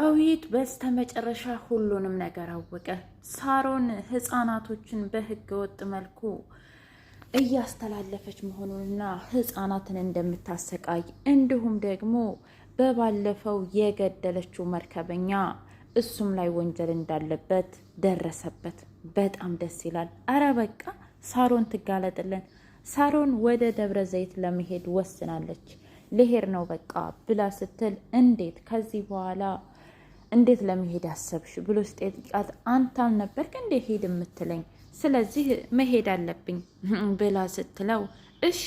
ዳዊት በስተመጨረሻ ሁሉንም ነገር አወቀ። ሳሮን ህፃናቶችን በህገወጥ መልኩ እያስተላለፈች መሆኑንና ህፃናትን እንደምታሰቃይ እንዲሁም ደግሞ በባለፈው የገደለችው መርከበኛ እሱም ላይ ወንጀል እንዳለበት ደረሰበት። በጣም ደስ ይላል። አረ በቃ ሳሮን ትጋለጥልን። ሳሮን ወደ ደብረ ዘይት ለመሄድ ወስናለች። ልሄድ ነው በቃ ብላ ስትል እንዴት ከዚህ በኋላ እንዴት ለመሄድ አሰብሽ ብሎ ስጠይቃት አንተ አልነበርክ እንዴ ሄድ የምትለኝ ስለዚህ መሄድ አለብኝ ብላ ስትለው እሺ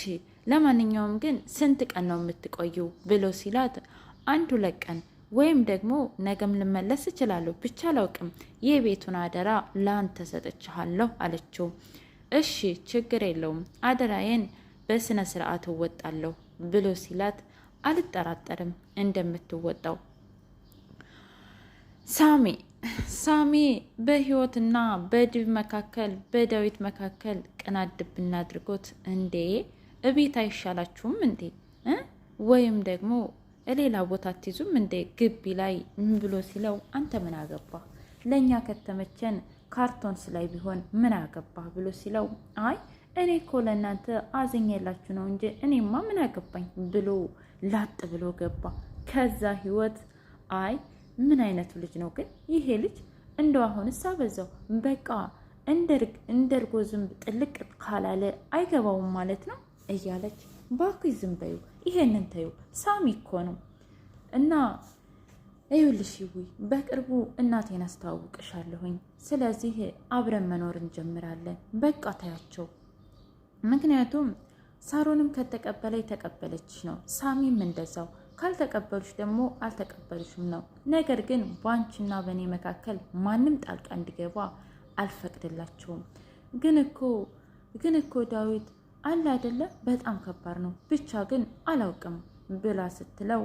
ለማንኛውም ግን ስንት ቀን ነው የምትቆዩ ብሎ ሲላት አንድ ሁለት ቀን ወይም ደግሞ ነገም ልመለስ እችላለሁ ብቻ አላውቅም የቤቱን አደራ ለአንተ ሰጥችሃለሁ አለችው እሺ ችግር የለውም አደራዬን በስነ ስርዓት እወጣለሁ ብሎ ሲላት አልጠራጠርም እንደምትወጣው ሳሚ ሳሚ በህይወትና በድብ መካከል በዳዊት መካከል ቀናድብ እናድርጎት እንዴ እቤት አይሻላችሁም እንዴ ወይም ደግሞ ሌላ ቦታ አትይዙም እንዴ ግቢ ላይ ምን ብሎ ሲለው አንተ ምን አገባ ለእኛ ከተመቸን ካርቶንስ ላይ ቢሆን ምን አገባ ብሎ ሲለው አይ እኔ እኮ ለእናንተ አዘኛላችሁ ነው እንጂ እኔማ ምን አገባኝ ብሎ ላጥ ብሎ ገባ ከዛ ህይወት አይ ምን አይነቱ ልጅ ነው ግን ይሄ ልጅ? እንደው አሁንስ በዛው በቃ እንደርጎ ዝንብ ጥልቅ ካላለ አይገባውም ማለት ነው እያለች ባኩ ዝም በዩ፣ ይሄንን ተዩ፣ ሳሚ እኮ ነው እና ይኸውልሽ ይዊ በቅርቡ እናቴን አስተዋውቅሻለሁኝ። ስለዚህ አብረን መኖር እንጀምራለን። በቃ ታያቸው። ምክንያቱም ሳሮንም ከተቀበለ የተቀበለች ነው፣ ሳሚም እንደዛው ካልተቀበሉሽ ደግሞ አልተቀበሉሽም ነው። ነገር ግን በአንቺና በእኔ መካከል ማንም ጣልቃ እንዲገባ አልፈቅድላችሁም። ግን እኮ ግን እኮ ዳዊት አለ አይደለ፣ በጣም ከባድ ነው ብቻ ግን አላውቅም ብላ ስትለው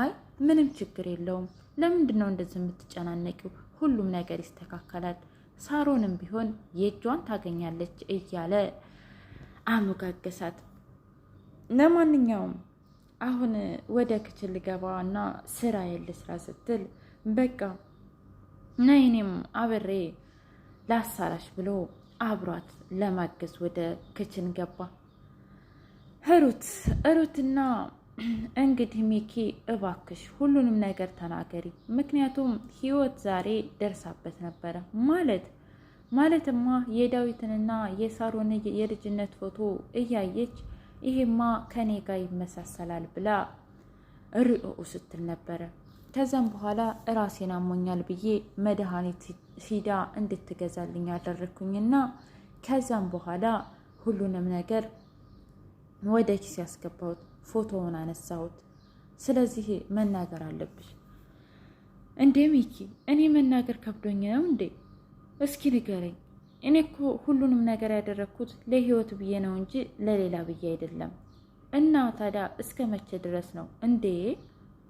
አይ ምንም ችግር የለውም። ለምንድን ነው እንደዚህ የምትጨናነቂው? ሁሉም ነገር ይስተካከላል። ሳሮንም ቢሆን የእጇን ታገኛለች እያለ አሞጋገሳት። ለማንኛውም አሁን ወደ ክችል ልገባ እና ስራ የለ ስራ ስትል በቃ ና እኔም አብሬ ላሳራሽ ብሎ አብሯት ለማገዝ ወደ ክችን ገባ። ሩት እሩትና እንግዲህ ሚኪ እባክሽ ሁሉንም ነገር ተናገሪ፣ ምክንያቱም ህይወት ዛሬ ደርሳበት ነበረ። ማለት ማለትማ የዳዊትንና የሳሮን የልጅነት ፎቶ እያየች ይሄማ ከኔ ጋር ይመሳሰላል ብላ ርኦ ስትል ነበረ። ከዛም በኋላ እራሴን አሞኛል ብዬ መድኃኒት ሂዳ እንድትገዛልኝ ያደረግኩኝና ከዛም በኋላ ሁሉንም ነገር ወደ ኪስ ያስገባሁት፣ ፎቶውን አነሳሁት። ስለዚህ መናገር አለብሽ እንዴ ሚኪ፣ እኔ መናገር ከብዶኝ ነው እንዴ? እስኪ ንገረኝ እኔ እኮ ሁሉንም ነገር ያደረግኩት ለህይወት ብዬ ነው እንጂ ለሌላ ብዬ አይደለም። እና ታዲያ እስከ መቼ ድረስ ነው እንዴ?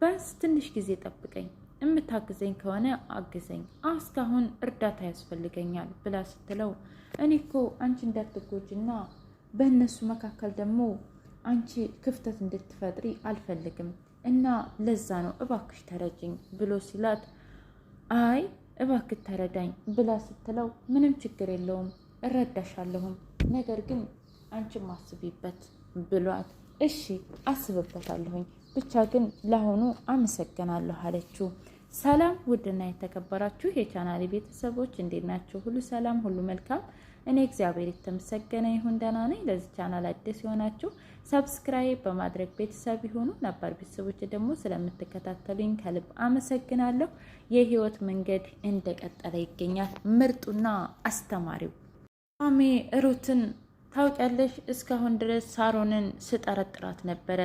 በስ ትንሽ ጊዜ ጠብቀኝ። የምታግዘኝ ከሆነ አግዘኝ፣ እስካሁን እርዳታ ያስፈልገኛል ብላ ስትለው እኔ እኮ አንቺ እንዳትጎጂና በእነሱ መካከል ደግሞ አንቺ ክፍተት እንድትፈጥሪ አልፈልግም እና ለዛ ነው እባክሽ ተረጅኝ ብሎ ሲላት አይ እባክህ ተረዳኝ ብላ ስትለው ምንም ችግር የለውም እረዳሻለሁም፣ ነገር ግን አንቺም አስቢበት ብሏት እሺ አስብበታለሁኝ ብቻ ግን ለአሁኑ አመሰግናለሁ አለችው። ሰላም ውድና የተከበራችሁ የቻናሌ ቤተሰቦች እንዴት ናቸው? ሁሉ ሰላም፣ ሁሉ መልካም እኔ እግዚአብሔር የተመሰገነ ይሁን ደህና ነኝ። ለዚህ ቻናል አዲስ የሆናችሁ ሰብስክራይብ በማድረግ ቤተሰብ ይሁኑ። ነባር ቤተሰቦች ደግሞ ስለምትከታተሉኝ ከልብ አመሰግናለሁ። የህይወት መንገድ እንደቀጠለ ይገኛል። ምርጡና አስተማሪው ሜ ሩትን ታውቂያለሽ፣ እስካሁን ድረስ ሳሮንን ስጠረጥራት ነበረ።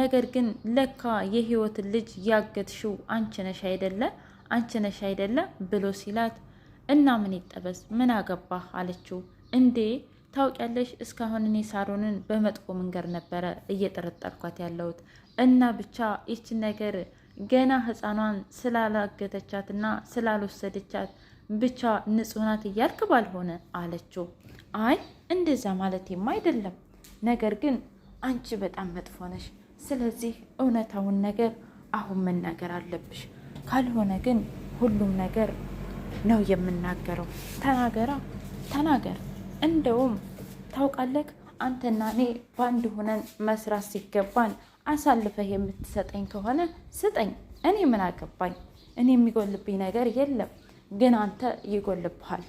ነገር ግን ለካ የህይወትን ልጅ ያገትሽው አንቺ ነሽ አይደለ? አንቺ ነሽ አይደለ ብሎ ሲላት እና ምን ይጠበስ ምን አገባህ አለችው። እንዴ ታውቂያለሽ፣ እስካሁን እኔ ሳሮንን በመጥፎ መንገድ ነበረ እየጠረጠርኳት ያለሁት እና ብቻ ይችን ነገር ገና ስላላገተቻት ስላላገተቻትና ስላልወሰደቻት ብቻ ንጹሕ ናት እያልክ ባልሆነ አለችው። አይ እንደዛ ማለቴማ አይደለም፣ ነገር ግን አንቺ በጣም መጥፎ ነሽ። ስለዚህ እውነታውን ነገር አሁን መናገር አለብሽ፣ ካልሆነ ግን ሁሉም ነገር ነው የምናገረው። ተናገራ ተናገር። እንደውም ታውቃለህ አንተና እኔ በአንድ ሆነን መስራት ሲገባን አሳልፈህ የምትሰጠኝ ከሆነ ስጠኝ። እኔ ምን አገባኝ? እኔ የሚጎልብኝ ነገር የለም፣ ግን አንተ ይጎልብሃል።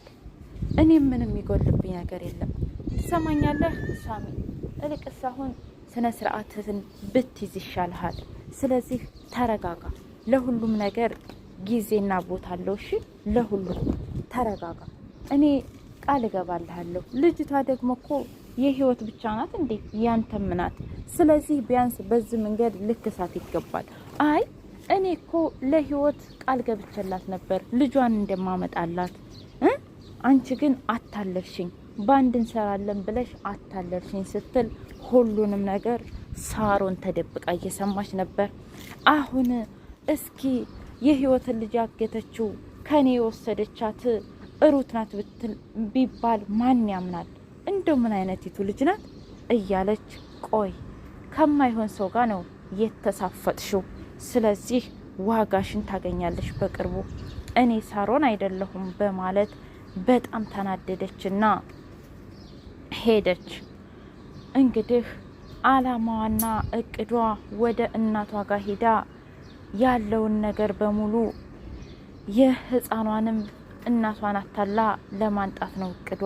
እኔ ምን የሚጎልብኝ ነገር የለም። ትሰማኛለህ ሳሚ? እልቅስ አሁን ስነ ስርዓትህን ብትይዝ ይሻልሃል። ስለዚህ ተረጋጋ። ለሁሉም ነገር ጊዜና ቦታ አለው። እሺ ለሁሉም ተረጋጋ። እኔ ቃል እገባልሃለሁ። ልጅቷ ደግሞ እኮ የህይወት ብቻ ናት እንዴ ያንተም ናት። ስለዚህ ቢያንስ በዚህ መንገድ ልክሳት ይገባል። አይ እኔ እኮ ለህይወት ቃል ገብቼላት ነበር ልጇን እንደማመጣላት አንቺ ግን አታለፍሽኝ ባንድ እንሰራለን ብለሽ አታለልሽኝ ስትል ሁሉንም ነገር ሳሮን ተደብቃ እየሰማች ነበር። አሁን እስኪ የህይወትን ልጅ ያገተችው ከኔ የወሰደቻት እሩት ናት ብትል ቢባል ማን ያምናል? እንደው ምን አይነት ይቱ ልጅ ናት እያለች ቆይ ከማይሆን ሰው ጋር ነው የተሳፈጥሽው። ስለዚህ ዋጋሽን ታገኛለሽ በቅርቡ እኔ ሳሮን አይደለሁም በማለት በጣም ተናደደችና ሄደች። እንግዲህ አላማዋና እቅዷ ወደ እናቷ ጋር ሄዳ ያለውን ነገር በሙሉ የህፃኗንም እናቷን አታላ ለማንጣት ነው እቅዷ።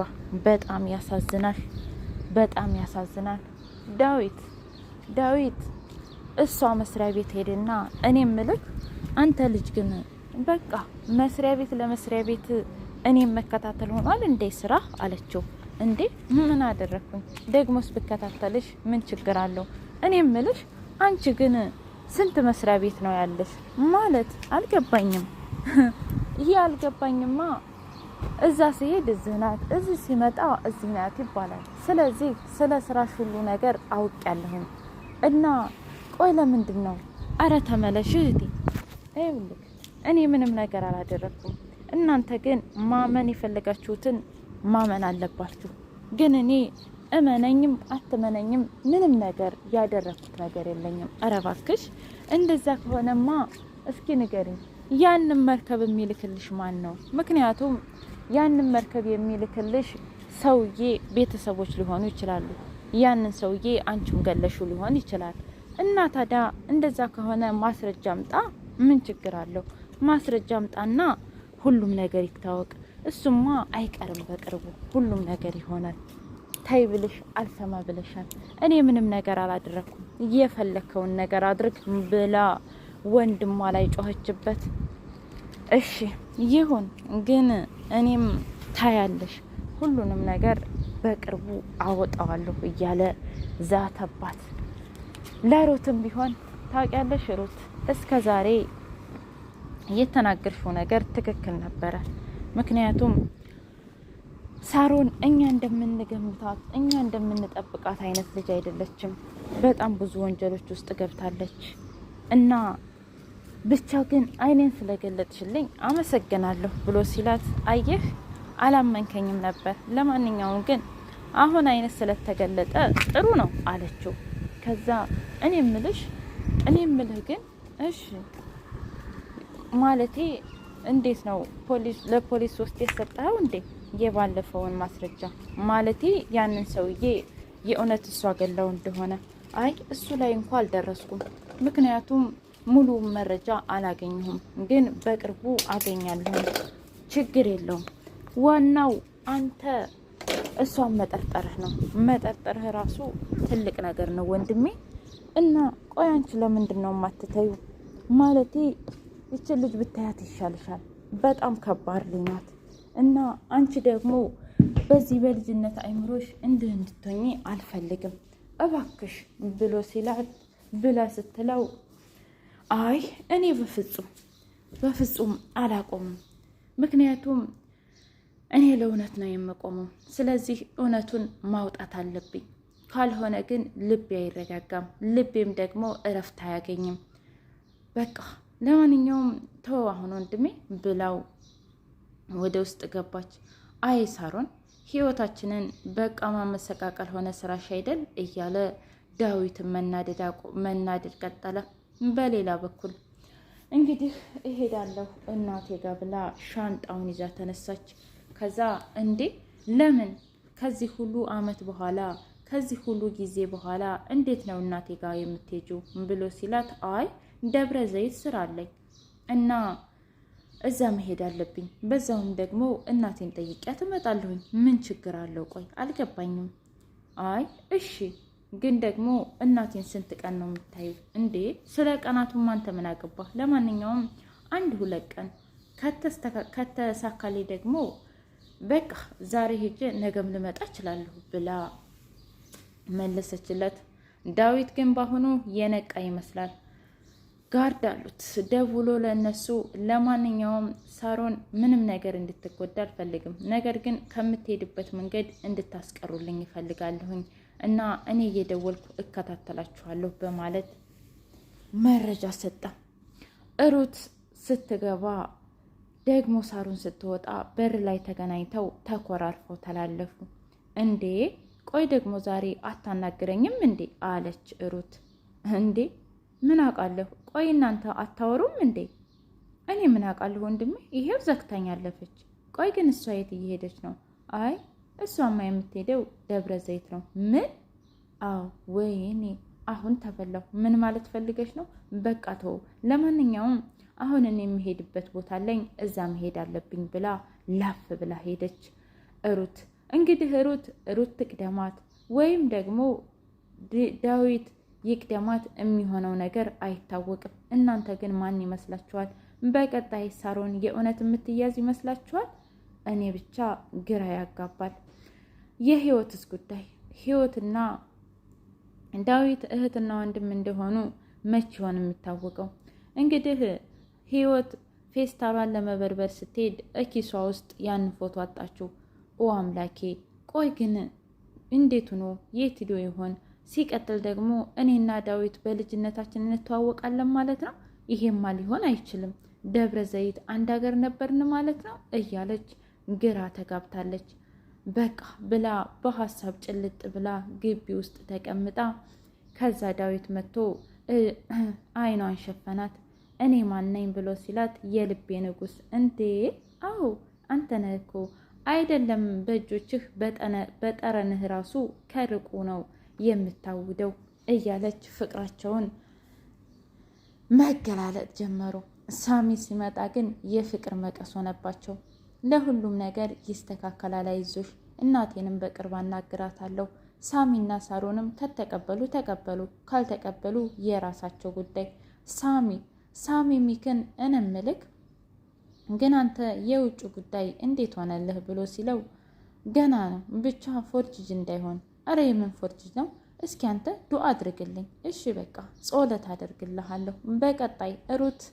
በጣም ያሳዝናል፣ በጣም ያሳዝናል። ዳዊት ዳዊት እሷ መስሪያ ቤት ሄድና እኔ ምልክ አንተ ልጅ ግን በቃ መስሪያ ቤት ለመስሪያ ቤት እኔ መከታተል ሆኗል እንዴ ስራ አለችው። እንዴ ምን አደረግኩኝ? ደግሞስ ብከታተልሽ ምን ችግር አለው? እኔ ምልሽ አንቺ ግን ስንት መስሪያ ቤት ነው ያለሽ ማለት አልገባኝም። ይህ አልገባኝማ እዛ ሲሄድ እዚህ ናት፣ እዚህ ሲመጣ እዚህ ናት ይባላል። ስለዚህ ስለ ስራሽ ሁሉ ነገር አውቅ ያለሁኝ እና ቆይ ለምንድን ነው አረ ተመለሽ እህቴ። ይኸውልህ እኔ ምንም ነገር አላደረግኩም። እናንተ ግን ማመን የፈለጋችሁትን ማመን አለባችሁ። ግን እኔ እመነኝም አትመነኝም ምንም ነገር ያደረኩት ነገር የለኝም። ኧረ እባክሽ እንደዛ ከሆነማ እስኪ ንገሪኝ፣ ያንን መርከብ የሚልክልሽ ማን ነው? ምክንያቱም ያንን መርከብ የሚልክልሽ ሰውዬ ቤተሰቦች ሊሆኑ ይችላሉ። ያንን ሰውዬ አንቺም ገለሹ ሊሆን ይችላል። እና ታዲያ እንደዛ ከሆነ ማስረጃ አምጣ። ምን ችግር አለው? ማስረጃ አምጣና ሁሉም ነገር ይታወቅ። እሱማ አይቀርም፣ በቅርቡ ሁሉም ነገር ይሆናል። ታይ ብልሽ አልሰማ ብለሻል። እኔ ምንም ነገር አላደረኩም፣ እየፈለከውን ነገር አድርግ ብላ ወንድሟ ላይ ጮኸችበት። እሺ ይሁን ግን እኔም ታያለሽ፣ ሁሉንም ነገር በቅርቡ አወጣዋለሁ እያለ ዛተባት። ለሩትም ቢሆን ታውቂያለሽ ሩት፣ እስከ ዛሬ የተናገርሽው ነገር ትክክል ነበረ ምክንያቱም ሳሮን እኛ እንደምንገምታት እኛ እንደምንጠብቃት አይነት ልጅ አይደለችም። በጣም ብዙ ወንጀሎች ውስጥ ገብታለች እና ብቻ ግን አይኔን ስለገለጥሽልኝ አመሰግናለሁ ብሎ ሲላት፣ አየህ አላመንከኝም ነበር። ለማንኛውም ግን አሁን አይነት ስለተገለጠ ጥሩ ነው አለችው። ከዛ እኔ ምልሽ እኔ ምልህ ግን እሺ ማለቴ እንዴት ነው ፖሊስ ለፖሊስ ውስጥ የሰጠኸው እንዴ የባለፈውን ማስረጃ ማለቴ ያንን ሰውዬ የእውነት እሷ አገላው እንደሆነ አይ እሱ ላይ እንኳ አልደረስኩም፣ ምክንያቱም ሙሉ መረጃ አላገኘሁም፣ ግን በቅርቡ አገኛለሁም። ችግር የለውም። ዋናው አንተ እሷን መጠርጠርህ ነው። መጠርጠርህ ራሱ ትልቅ ነገር ነው ወንድሜ። እና ቆይ አንቺ ለምንድን ነው የማትተዩ? ማለቴ ይችን ልጅ ብታያት ይሻልሻል። በጣም ከባድ ልናት እና አንቺ ደግሞ በዚህ በልጅነት አይምሮሽ እንድህ እንድትሆኚ አልፈልግም እባክሽ ብሎ ሲላት ብላ ስትለው አይ እኔ በፍጹም በፍጹም አላቆምም። ምክንያቱም እኔ ለእውነት ነው የምቆመው። ስለዚህ እውነቱን ማውጣት አለብኝ። ካልሆነ ግን ልቤ አይረጋጋም፣ ልቤም ደግሞ እረፍት አያገኝም። በቃ ለማንኛውም ተወው አሁን ወንድሜ ብላው ወደ ውስጥ ገባች። አይ ሳሮን ህይወታችንን በቃማ መሰቃቀል ሆነ ስራሽ አይደል እያለ ዳዊትን መናደድ ቀጠለ። በሌላ በኩል እንግዲህ እሄዳለሁ እናቴ ጋር ብላ ሻንጣውን ይዛ ተነሳች። ከዛ እንዴ ለምን ከዚህ ሁሉ አመት በኋላ ከዚህ ሁሉ ጊዜ በኋላ እንዴት ነው እናቴ ጋር የምትሄጂው ብሎ ሲላት አይ ደብረ ዘይት ስራ አለኝ እና እዛ መሄድ አለብኝ። በዛውም ደግሞ እናቴን ጠይቂያት እመጣለሁኝ። ምን ችግር አለው? ቆይ አልገባኝም። አይ እሺ፣ ግን ደግሞ እናቴን ስንት ቀን ነው የምታዩ እንዴ? ስለ ቀናቱም አንተ ምን አገባ? ለማንኛውም አንድ ሁለት ቀን ከተሳካሌ ደግሞ በቃ ዛሬ ሄጄ ነገም ልመጣ እችላለሁ ብላ መለሰችለት። ዳዊት ግን በአሁኑ የነቃ ይመስላል። ጋርድ አሉት ደውሎ ለእነሱ። ለማንኛውም ሳሮን ምንም ነገር እንድትጎዳ አልፈልግም፣ ነገር ግን ከምትሄድበት መንገድ እንድታስቀሩልኝ ይፈልጋለሁኝ እና እኔ እየደወልኩ እከታተላችኋለሁ በማለት መረጃ ሰጣ። እሩት ስትገባ ደግሞ ሳሩን ስትወጣ በር ላይ ተገናኝተው ተኮራርፈው ተላለፉ። እንዴ ቆይ ደግሞ ዛሬ አታናግረኝም እንዴ አለች እሩት። እንዴ ምን አውቃለሁ። ቆይ እናንተ አታወሩም እንዴ? እኔ ምን አውቃለሁ ወንድሜ፣ ይሄው ዘግታኝ አለፈች። ቆይ ግን እሷ የት እየሄደች ነው? አይ እሷማ የምትሄደው ደብረ ዘይት ነው። ምን? አዎ። ወይኔ አሁን ተበላሁ። ምን ማለት ፈልገች ነው? በቃ ተው። ለማንኛውም አሁን እኔ የምሄድበት ቦታ አለኝ፣ እዛ መሄድ አለብኝ ብላ ላፍ ብላ ሄደች። ሩት እንግዲህ ሩት ሩት ትቅደማት ወይም ደግሞ ዳዊት ይቅደማት የሚሆነው ነገር አይታወቅም። እናንተ ግን ማን ይመስላችኋል? በቀጣይ ሳሮን የእውነት የምትያዝ ይመስላችኋል? እኔ ብቻ ግራ ያጋባል። የህይወትስ ጉዳይ ህይወትና ዳዊት እህትና ወንድም እንደሆኑ መቼ ይሆን የሚታወቀው? እንግዲህ ህይወት ፌስታሏን ለመበርበር ስትሄድ እኪሷ ውስጥ ያን ፎቶ አጣችው። ኦ አምላኬ! ቆይ ግን እንዴት ሆኖ የት ሄዶ ይሆን? ሲቀጥል ደግሞ እኔና ዳዊት በልጅነታችን እንተዋወቃለን ማለት ነው። ይሄማ ሊሆን አይችልም። ደብረ ዘይት አንድ ሀገር ነበርን ማለት ነው እያለች ግራ ተጋብታለች። በቃ ብላ በሀሳብ ጭልጥ ብላ ግቢ ውስጥ ተቀምጣ ከዛ ዳዊት መጥቶ አይኗን ሸፈናት። እኔ ማነኝ ብሎ ሲላት የልቤ ንጉስ እንዴ! አዎ አንተ ነህ እኮ አይደለም፣ በእጆችህ በጠረንህ ራሱ ከርቁ ነው የምታውደው እያለች ፍቅራቸውን መገላለጥ ጀመሩ። ሳሚ ሲመጣ ግን የፍቅር መቀስ ሆነባቸው። ለሁሉም ነገር ይስተካከላል፣ አይዞሽ፣ እናቴንም በቅርብ አናግራታለሁ። ሳሚና ሳሮንም ከተቀበሉ ተቀበሉ፣ ካልተቀበሉ የራሳቸው ጉዳይ። ሳሚ ሳሚ ሚክን እንምልክ ግን አንተ የውጭ ጉዳይ እንዴት ሆነልህ ብሎ ሲለው ገና ነው ብቻ ፎርጅጅ እንዳይሆን አረ የመንፎርጅ ነው። እስኪ አንተ ዱአ አድርግልኝ። እሺ በቃ ጾለት አደርግልሃለሁ። በቀጣይ ሩት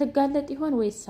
ትጋለጥ ይሆን ወይስ